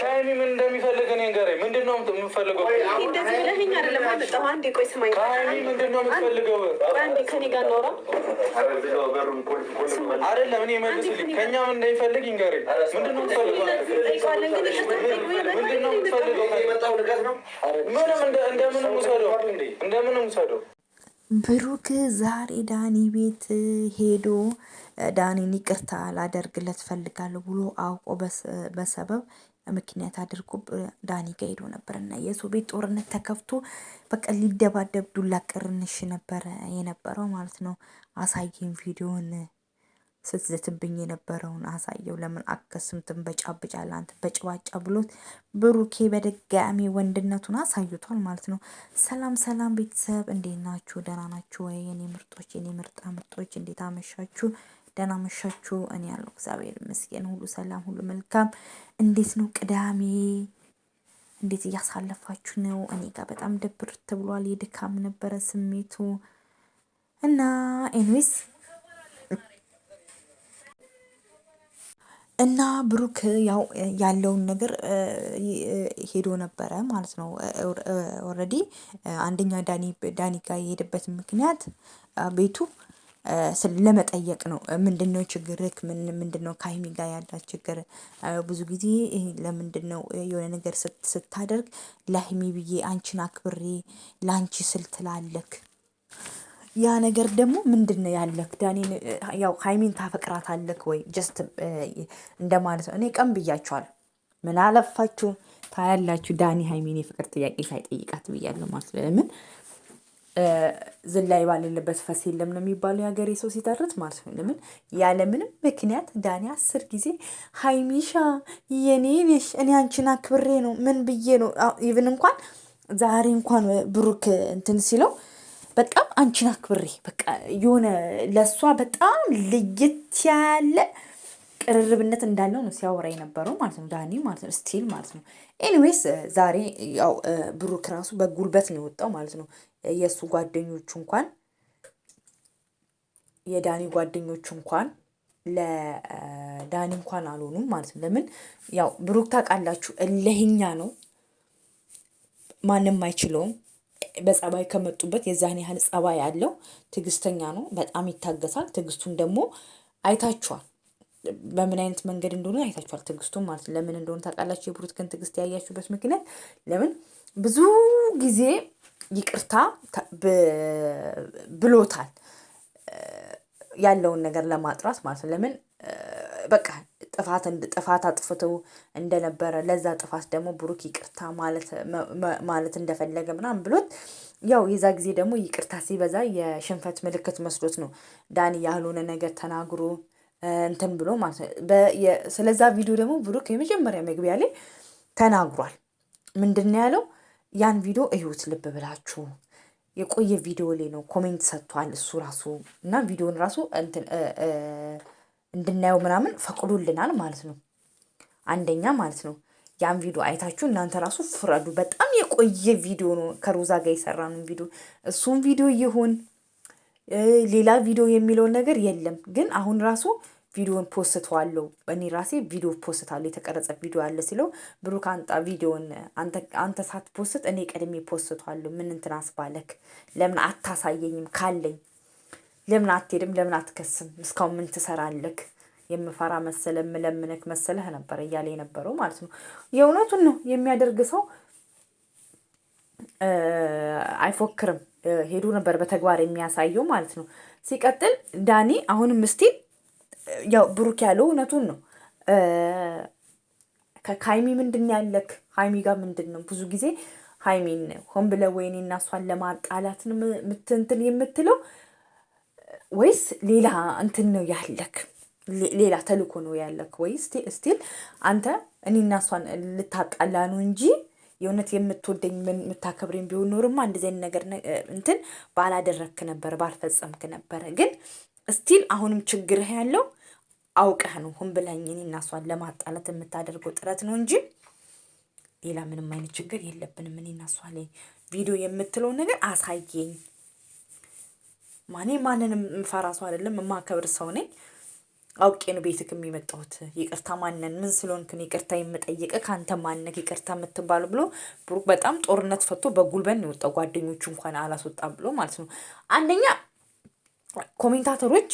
ሻይኒ ምን እንደሚፈልግ እኔ ንገረኝ። ምንድን ነው የምትፈልገው? እንደዚህ ብለህኝ አይደለም አልመጣሁም። አንዴ ቆይ ስማኝ። ሻይኒ ምንድን ነው የምትፈልገው? አንዴ ከኔ ጋር ኖራ አይደለም እኔ መልስልኝ። ከእኛ ምን እንደሚፈልግ ይንገረኝ። ምንድን ነው ምንድን ነው የምትፈልገው? ምንም እንደምንም ውሰደው፣ እንደምንም ውሰደው። ብሩክ ዛሬ ዳኒ ቤት ሄዶ ዳኒን ይቅርታ ላደርግለት ፈልጋለሁ ብሎ አውቆ በሰበብ ምክንያት አድርጎ ዳኒ ጋ ሄዶ ነበር እና የሰው ቤት ጦርነት ተከፍቶ በቃ ሊደባደብ ዱላ ቅርንሽ ነበረ የነበረው ማለት ነው። አሳየኝ ቪዲዮን ስትዘትብኝ የነበረውን አሳየው። ለምን አከስምትን በጫብጫ ለአንተ በጭባጫ ብሎት ብሩኬ በድጋሚ ወንድነቱን አሳዩቷል ማለት ነው። ሰላም ሰላም ቤተሰብ እንዴት ናችሁ? ደህና ናችሁ ወይ? የኔ ምርጦች የኔ ምርጣ ምርጦች እንዴት አመሻችሁ? ደህና መሻችሁ። እኔ ያለው እግዚአብሔር ይመስገን፣ ሁሉ ሰላም፣ ሁሉ መልካም። እንዴት ነው ቅዳሜ? እንዴት እያሳለፋችሁ ነው? እኔ ጋር በጣም ደብርት ብሏል። የድካም ነበረ ስሜቱ እና ኤንዌስ እና ብሩክ ያው ያለውን ነገር ሄዶ ነበረ ማለት ነው። ኦልሬዲ አንደኛ ዳኒ ዳኒ ጋር የሄደበት ምክንያት ቤቱ ለመጠየቅ ነው። ምንድን ነው ችግርህ? ምንድን ነው ከሀይሚ ጋር ያላት ችግር? ብዙ ጊዜ ለምንድን ነው የሆነ ነገር ስታደርግ ለሀይሚ ብዬ አንቺን አክብሬ ለአንቺ ስል ትላለክ? ያ ነገር ደግሞ ምንድን ነው ያለክ? ዳኒን ያው ሀይሚን አለክ ወይ? ጀስት እንደማለት ነው። እኔ ቀን ብያቸዋል። ምን አለፋችሁ ታያላችሁ፣ ዳኒ ሀይሚን የፍቅር ጥያቄ ሳይጠይቃት ብያለሁ ማለት ለምን ዝላይ ባልልበት ፈስ የለም ነው የሚባለው የሀገሬ ሰው ሲተርት ማለት ነው። ለምን ያለምንም ምክንያት ዳኒ አስር ጊዜ ሀይሚሻ የኔ ነሽ፣ እኔ አንቺን አክብሬ ነው ምን ብዬ ነው ኢቭን እንኳን ዛሬ እንኳን ብሩክ እንትን ሲለው በጣም አንቺን አክብሬ በቃ የሆነ ለእሷ በጣም ልይት ያለ ቅርርብነት እንዳለው ነው ሲያወራ የነበረው ማለት ነው ዳኒ ማለት ነው ስቲል ማለት ነው። ኤኒዌይስ ዛሬ ያው ብሩክ ራሱ በጉልበት ነው የወጣው ማለት ነው። የእሱ ጓደኞቹ እንኳን የዳኒ ጓደኞቹ እንኳን ለዳኒ እንኳን አልሆኑም ማለት ነው። ለምን ያው ብሩክ ታውቃላችሁ እልህኛ ነው፣ ማንም አይችለውም። በጸባይ ከመጡበት የዛን ያህል ጸባይ ያለው ትዕግስተኛ ነው፣ በጣም ይታገሳል። ትዕግስቱን ደግሞ አይታችኋል። በምን አይነት መንገድ እንደሆነ አይታችኋል። ትግስቱም ማለት ለምን እንደሆነ ታውቃላችሁ። የብሩክን ትዕግስት ያያችሁበት ምክንያት ለምን ብዙ ጊዜ ይቅርታ ብሎታል ያለውን ነገር ለማጥራት ማለት ነው። ለምን በቃ ጥፋት ጥፋት አጥፍቶ እንደነበረ ለዛ ጥፋት ደግሞ ብሩክ ይቅርታ ማለት እንደፈለገ ምናምን ብሎት ያው የዛ ጊዜ ደግሞ ይቅርታ ሲበዛ የሽንፈት ምልክት መስሎት ነው ዳኒ ያልሆነ ነገር ተናግሮ እንትን ብሎ ማለት ነው። ስለዛ ቪዲዮ ደግሞ ብሩክ የመጀመሪያ መግቢያ ላይ ተናግሯል። ምንድን ያለው? ያን ቪዲዮ እዩት ልብ ብላችሁ። የቆየ ቪዲዮ ላይ ነው ኮሜንት ሰጥቷል እሱ ራሱ እና ቪዲዮን ራሱ እንድናየው ምናምን ፈቅዶልናል ማለት ነው። አንደኛ ማለት ነው ያን ቪዲዮ አይታችሁ እናንተ ራሱ ፍረዱ። በጣም የቆየ ቪዲዮ ነው ከሮዛ ጋር የሰራነው ቪዲዮ እሱን ቪዲዮ ይሁን ሌላ ቪዲዮ የሚለውን ነገር የለም። ግን አሁን ራሱ ቪዲዮን ፖስትዋለሁ እኔ ራሴ ቪዲዮ ፖስታለሁ የተቀረጸ ቪዲዮ አለ ሲለው ብሩክ አንጣ ቪዲዮን አንተ ሳት ፖስት እኔ ቀድሜ ፖስቷለሁ። ምን እንትን አስባለክ? ለምን አታሳየኝም? ካለኝ ለምን አትሄድም? ለምን አትከስም? እስካሁን ምን ትሰራለክ? የምፈራ መሰለ የምለምንክ መሰለህ ነበር እያለ የነበረው ማለት ነው። የእውነቱን ነው የሚያደርግ ሰው አይፎክርም። ሄዱ ነበር በተግባር የሚያሳየው ማለት ነው። ሲቀጥል ዳኒ አሁንም እስቲ ያው ብሩክ ያለው እውነቱን ነው። ከሀይሚ ምንድን ያለክ ሀይሚ ጋር ምንድን ነው ብዙ ጊዜ ሀይሚን ሆን ብለ ወይኔ እና እሷን ለማጣላትን ምትንትን የምትለው ወይስ ሌላ እንትን ነው ያለክ ሌላ ተልእኮ ነው ያለክ ወይስ ስቲል አንተ እኔ እና እሷን ልታጣላ ነው እንጂ የእውነት የምትወደኝ የምታከብረኝ ቢሆን ኖርማ እንደዚህ አይነት ነገር እንትን ባላደረግክ ነበር፣ ባልፈጸምክ ነበረ። ግን ስቲል አሁንም ችግርህ ያለው አውቀህ ነው ሁን ብለኝ እኔ እና እሷን ለማጣላት የምታደርገው ጥረት ነው እንጂ ሌላ ምንም አይነት ችግር የለብንም። እኔ እና እሷ ላይ ቪዲዮ የምትለው ነገር አሳየኝ። ማኔ ማንንም የምፈራ ሰው አይደለም፣ የማከብር ሰው ነኝ። አውቄ ነው ቤትክ የሚመጣሁት። ይቅርታ ማነን ምን ስለሆንክን ይቅርታ የምጠይቅ ከአንተ ማነክ ይቅርታ የምትባሉ ብሎ ብሩክ በጣም ጦርነት ፈቶ በጉልበን የወጣው ጓደኞቹ እንኳን አላስወጣም ብሎ ማለት ነው። አንደኛ ኮሜንታተሮች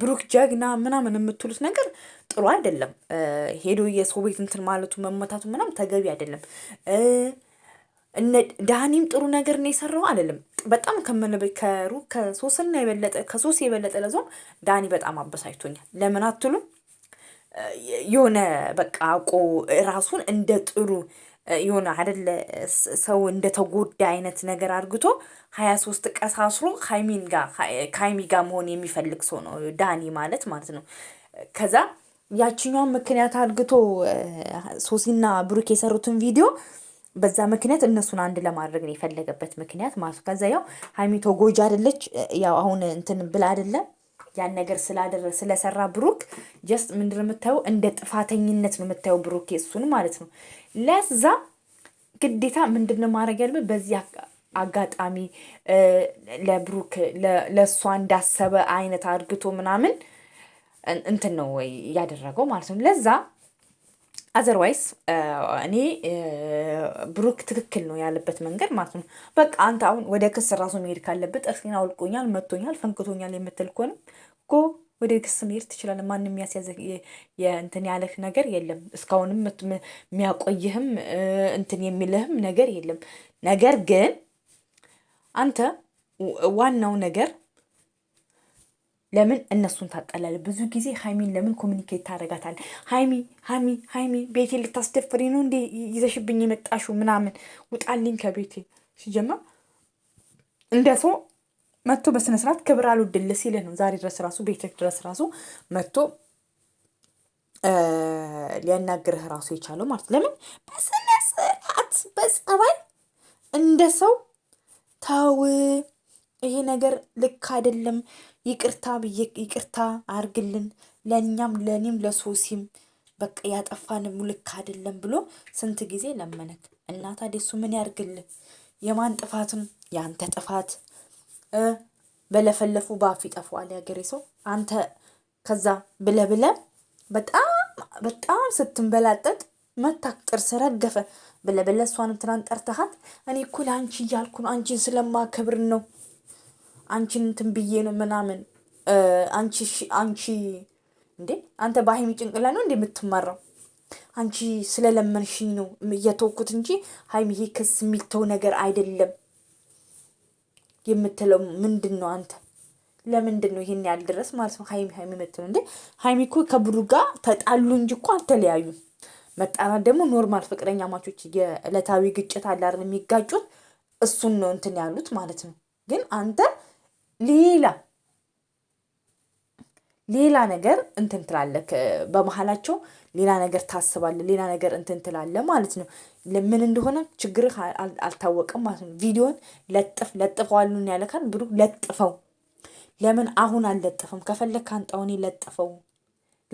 ብሩክ ጀግና ምናምን የምትሉት ነገር ጥሩ አይደለም። ሄዶ የሰው ቤት እንትን ማለቱ መመታቱ ምናምን ተገቢ አይደለም። እነ ዳኒም ጥሩ ነገር ነው የሰራው አለልም በጣም ከመነበከሩ ከሶስና የበለጠ ከሶስት የበለጠ ለዞም ዳኒ በጣም አበሳጭቶኛል። ለምን አትሉ የሆነ በቃ አውቆ ራሱን እንደ ጥሩ የሆነ አደለ ሰው እንደ ተጎዳ አይነት ነገር አድርግቶ ሀያ ሶስት ቀሳስሮ ሀይሚን ጋር ከሀይሚ ጋር መሆን የሚፈልግ ሰው ነው ዳኒ ማለት ማለት ነው። ከዛ ያችኛውን ምክንያት አድርግቶ ሶሲና ብሩክ የሰሩትን ቪዲዮ በዛ ምክንያት እነሱን አንድ ለማድረግ ነው የፈለገበት ምክንያት ማለት ነው። ከዛ ያው ሀይሚ ተጎጂ አይደለች፣ ያው አሁን እንትን ብላ አይደለም ያን ነገር ስላደረ ስለሰራ ብሩክ ጀስት ምንድን ነው የምታየው? እንደ ጥፋተኝነት ነው የምታየው ብሩክ እሱን ማለት ነው። ለዛ ግዴታ ምንድን ነው ማድረግ ያለብን በዚህ አጋጣሚ ለብሩክ ለእሷ እንዳሰበ አይነት አድርግቶ ምናምን እንትን ነው ያደረገው ማለት ነው ለዛ አዘርዋይስ uh, እኔ uh, ብሩክ ትክክል ነው ያለበት መንገድ ማለት ነው። በቃ አንተ አሁን ወደ ክስ ራሱ መሄድ ካለበት ጥርሴን አውልቆኛል፣ መቶኛል፣ ፈንክቶኛል የምትል ከሆነ ጎ ወደ ክስ መሄድ ትችላለህ። ማንም የሚያስያዘ እንትን ያለህ ነገር የለም። እስካሁንም የሚያቆይህም uh, እንትን የሚልህም ነገር የለም። ነገር ግን አንተ ዋናው ነገር ለምን እነሱን ታጠላል? ብዙ ጊዜ ሀይሚን ለምን ኮሚኒኬት ታደርጋታል? ሀይሚ ሀይሚ ሀይሚ ቤቴ ልታስደፍሪ ነው እንዴ ይዘሽብኝ የመጣሹ ምናምን ውጣልኝ ከቤቴ ሲጀመር እንደ ሰው መጥቶ በስነስርዓት ክብር አልወድል ሲል ነው። ዛሬ ድረስ ራሱ ቤትህ ድረስ ራሱ መጥቶ ሊያናግርህ ራሱ የቻለው ማለት ለምን በስነስርዓት በጸባይ እንደ ሰው ተው ይሄ ነገር ልክ አይደለም፣ ይቅርታ ብዬ ይቅርታ አርግልን፣ ለእኛም ለእኔም ለሶሲም በቃ ያጠፋንም ልክ አይደለም ብሎ ስንት ጊዜ ለመነክ እና ታዲያ እሱ ምን ያርግልን? የማን ጥፋትም የአንተ ጥፋት በለፈለፉ ባፍ ይጠፋዋል ያገሬ ሰው። አንተ ከዛ ብለ ብለ በጣም በጣም ስትንበላጠጥ መታክ ጥርስ ረገፈ ብለ ብለ እሷንም ትናንት ጠርተሃት እኔ እኮ ለአንቺ እያልኩ ነው አንቺን ስለማከብር ነው አንቺን እንትን ብዬ ነው ምናምን አንቺ አንቺ እንዴ አንተ በሀይሚ ጭንቅላ ነው እንዴ የምትመራው? አንቺ ስለለመንሽኝ ነው እየተወኩት እንጂ ሀይሚ ይሄ ክስ የሚልተው ነገር አይደለም የምትለው ምንድን ነው አንተ? ለምንድን ነው ይሄን ያህል ድረስ ማለት ነው ሀይሚ ሀይሚ የምትለው እንዴ? ሀይሚ እኮ ከብሩ ጋር ተጣሉ እንጂ እኮ አልተለያዩም። መጣላት ደግሞ ኖርማል ፍቅረኛ ማቾች የዕለታዊ ግጭት አላርን የሚጋጩት እሱን ነው እንትን ያሉት ማለት ነው። ግን አንተ ሌላ ሌላ ነገር እንትን ትላለህ በመሀላቸው ሌላ ነገር ታስባለህ፣ ሌላ ነገር እንትን ትላለህ ማለት ነው። ምን እንደሆነ ችግርህ አልታወቅም ማለት ነው። ቪዲዮን ለጥፍ ለጥፈዋሉን ያለካል ብሩ ለጥፈው። ለምን አሁን አልለጥፍም? ከፈለግ ካንጣውኔ ለጥፈው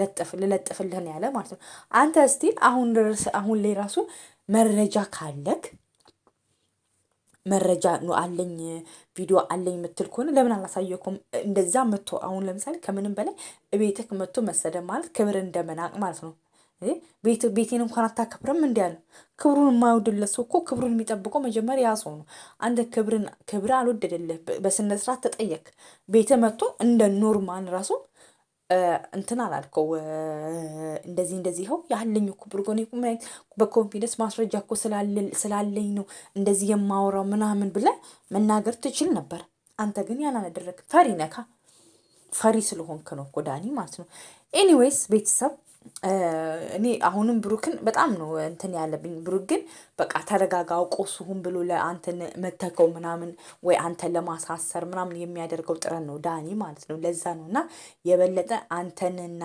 ለጥፍ ልለጥፍልህን ያለ ማለት ነው። አንተ እስቲል አሁን ድረስ አሁን ላይ ራሱ መረጃ ካለክ መረጃ ነው አለኝ ቪዲዮ አለኝ የምትል ከሆነ ለምን አላሳየኩም? እንደዛ መጥቶ አሁን ለምሳሌ ከምንም በላይ ቤትህ መጥቶ መሰደብ ማለት ክብር እንደመናቅ ማለት ነው። ቤቴን እንኳን አታከብርም እንዲ ያለ ክብሩን የማይወድለት ሰው እኮ ክብሩን የሚጠብቀው መጀመሪያ ያ ሰው ነው። አንተ ክብርን ክብር አልወደደልህ በስነ ስርዓት ተጠየቅ ቤተ መጥቶ እንደ ኖርማን ራሱ እንትን አላልከው እንደዚህ እንደዚህ ይኸው ያለኝ እኮ ብርጎን በኮንፊደንስ ማስረጃ እኮ ስላለኝ ነው እንደዚህ የማወራው ምናምን ብለ መናገር ትችል ነበር። አንተ ግን ያን አላደረግህ። ፈሪ ነካ ፈሪ ስለሆንክ ነው እኮ ዳኒ ማለት ነው። ኤኒዌይስ ቤተሰብ እኔ አሁንም ብሩክን በጣም ነው እንትን ያለብኝ። ብሩክ ግን በቃ ተረጋጋው ቆስሁን ብሎ ለአንተን መተከው ምናምን ወይ አንተን ለማሳሰር ምናምን የሚያደርገው ጥረት ነው ዳኒ ማለት ነው። ለዛ ነው እና የበለጠ አንተንና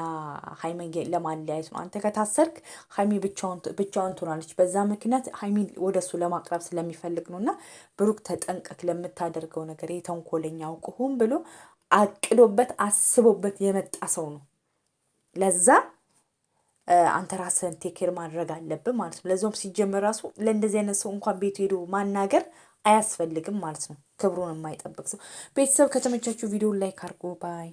ሀይሜን ለማለያየት ነው። አንተ ከታሰርክ ሀይሜ ብቻዋን ትሆናለች። በዛ ምክንያት ሀይሜን ወደሱ ለማቅረብ ስለሚፈልግ ነው እና ብሩክ ተጠንቀክ ለምታደርገው ነገር። የተንኮለኛ አውቅሁን ብሎ አቅዶበት አስቦበት የመጣ ሰው ነው ለዛ አንተ ራስህን ቴክር ማድረግ አለብን ማለት ነው። ለዚም ሲጀመር ራሱ ለእንደዚህ አይነት ሰው እንኳን ቤቱ ሄዶ ማናገር አያስፈልግም ማለት ነው። ክብሩን የማይጠብቅ ሰው ቤተሰብ ከተመቻችሁ ቪዲዮ ላይክ አድርጉ ባይ